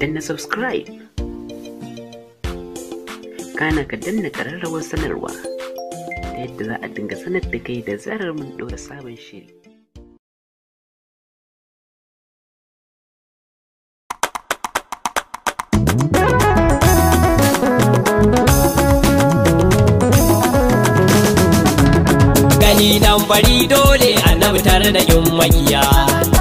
danna subscribe kana ka danna kararrawar sanarwa ta yadda za a dinga sanar da kai da zarar mun ɗora sabon shiri gani nan bari dole a tare da yin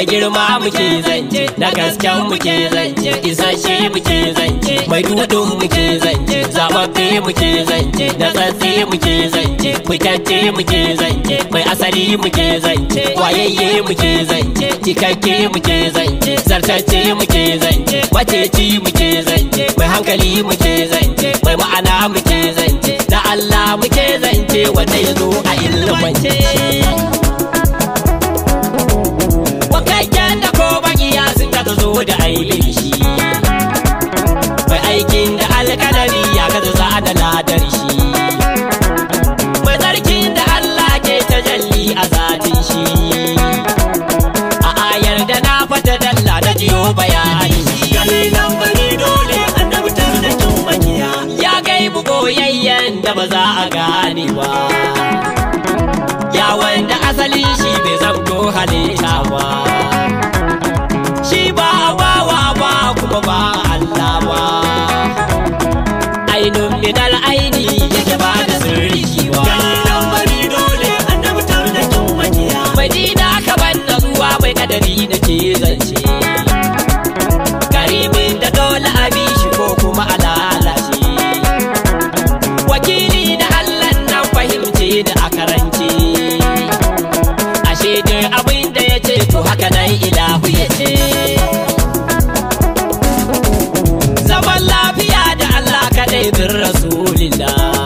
mai girma muke zance da gasken muke zance isashe muke zance mai dudun muke zance zababbe muke zance da tsatsi muke zance fitacce muke zance mai asali muke zance wayayye muke zance cikakke muke zance zartacce muke zance maceci muke zance mai hankali muke zance mai ma'ana muke zance da Allah muke zance wanda ya zo a ilmance. zo da aibin shi mai aikin da alkalari ya gaza za a da ladar shi mai tsarkin da Allah ke tajalli a zatin shi a ayar da na fata dalla da jiyo bayani ya kai goyayyen da ba za a gane ba ya wanda asali shi bai zamto halitta ba Love.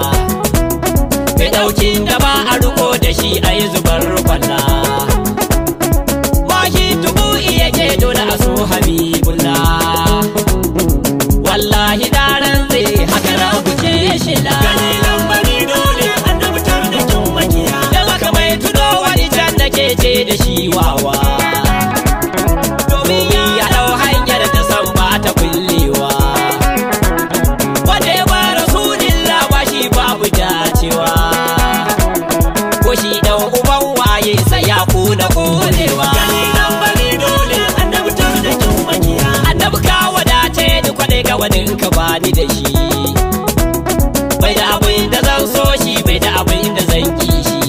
sai ga wani ka bani da shi bai da abin da zan so shi bai da abin da zan ki shi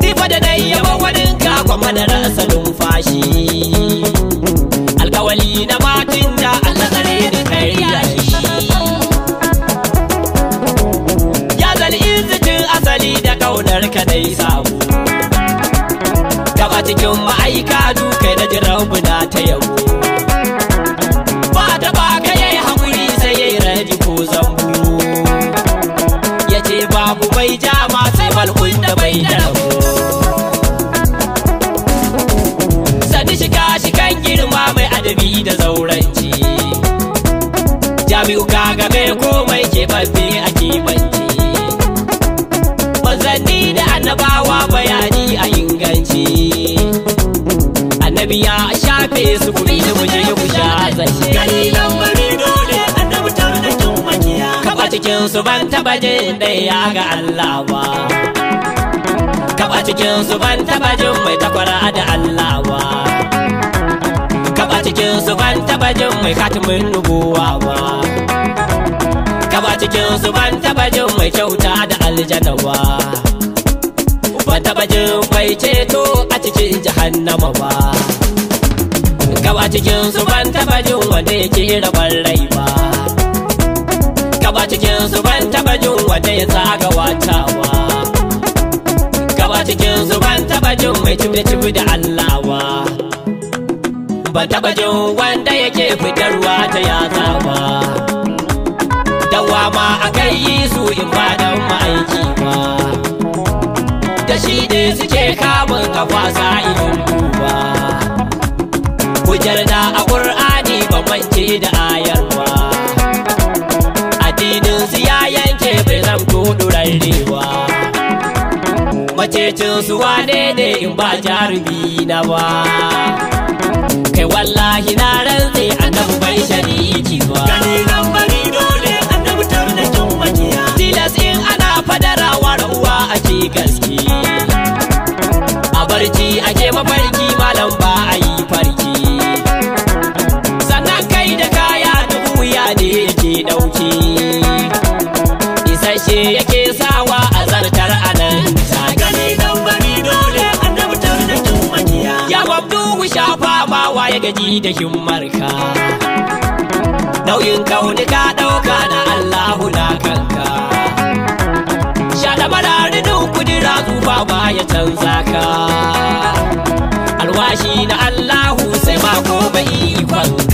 sifa da dai yabo wani ka kwa da rasa numfashi alkawali na matin da Allah tsare ni kariya shi ya zal izzikin asali da kaunar ka dai samu gaba cikin ma'aika dukai na jiran keɓaɓɓe a keɓance mazanni da annabawa bayani a inganci annabi ya shafe su kuɗi da waje ya kusha zai gani lambari dole annabi ta da kyan makiya kaba cikin su ban taba jin ya ga Allah ba kaba cikin su ban taba jin mai takwara da Allah ba kaba cikin su ban taba jin mai katimin nubuwa ba cikin su ban taba jin mai kyauta da aljanawa ban taba jin mai ceto a cikin jahannama ba gaba cikin su ban taba jin wanda ke rabar rai ba gaba cikin su ban taba jin wanda ya zaga watawa gaba cikin su ban taba jin mai cibi da allawa ban taba jin wanda ya ke fitarwa ta yatsa ba dawa ma a kai su in ba dan ma'aiki ma da shi ne suke kamun kafa sa idan duba kujar da a ƙur'ani ba mance da ayar ba addinin su ya yanke bai zamto ba. macecin su wane ne in ba jarumi na ba kai wallahi na rantse annabi bai ci ba gaske a barci ake mafarki malam ba a yi farki sannan kai da kaya da wuya ne yake ɗauki isasshe yake sawa a zartar anan shagani dan bari dole annabtar da kin makiya ya wabdu shafa ma waye gaji da himmarka nauyin kaunika ɗauka na allahu na kanka Shada madara duba baya canza ka alwashi na Allahu sai ma gobe kwanta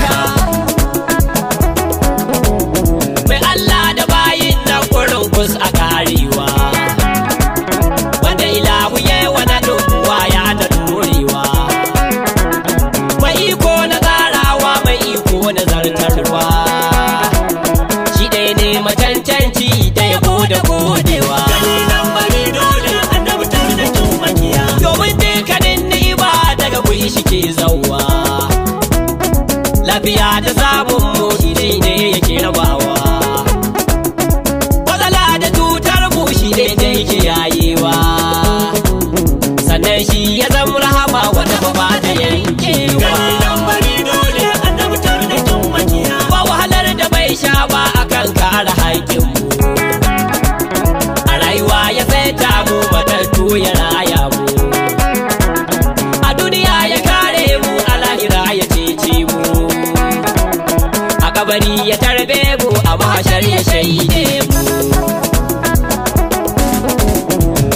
ya tarbe mu a mahashar ya shaide mu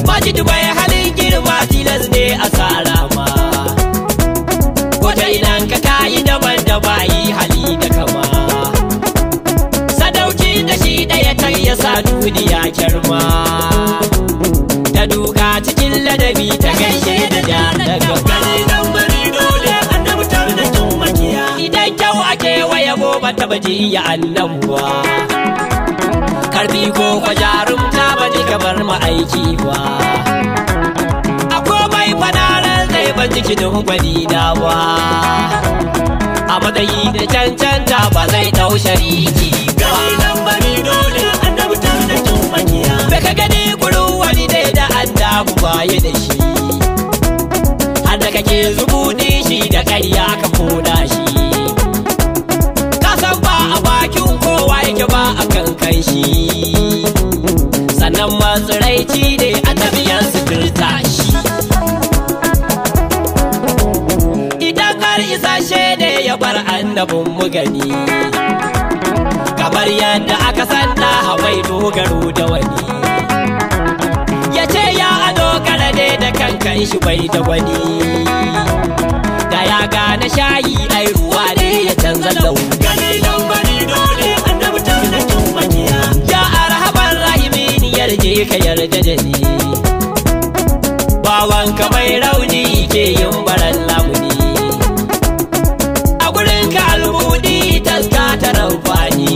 Majid bai halin girma tilas ne a sarama Ko ta ina ka kayi daban da bayi hali da kama Sadauki da shi ɗaya ya sa duniya kirma mata baje iya ya annabuwa karfi ko baje ka bar ma aiki ba a komai fanarar zai ban jiki don gwani na ba a matsayi da cancanta ba zai taushe shariki ba lambari dole annabi ta da tumaniya bai ka gani kuru wani dai da annabu baya da shi har kake zubuɗe shi da ƙarya kamar tsiraici ne annabi ya suturta shi idan har isasshe ne ya bar annabin mu gani kamar yadda aka sanda hawai dogaro da wani ya ce ya ado karade da kankanshi shi bai da wani da ya gane shayi ai ruwa ne ya canza launi ka yarda da ni bawan ka mai rauni ke yin baran lamuni a gurin ka albudi taska ta raufani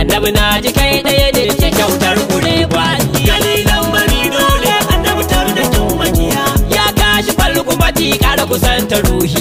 annabi na ji kai ɗaya da ke kyautar kure bani kalilan bari dole annabi tar da kyau ya kashi falkumati kara kusanta ruhi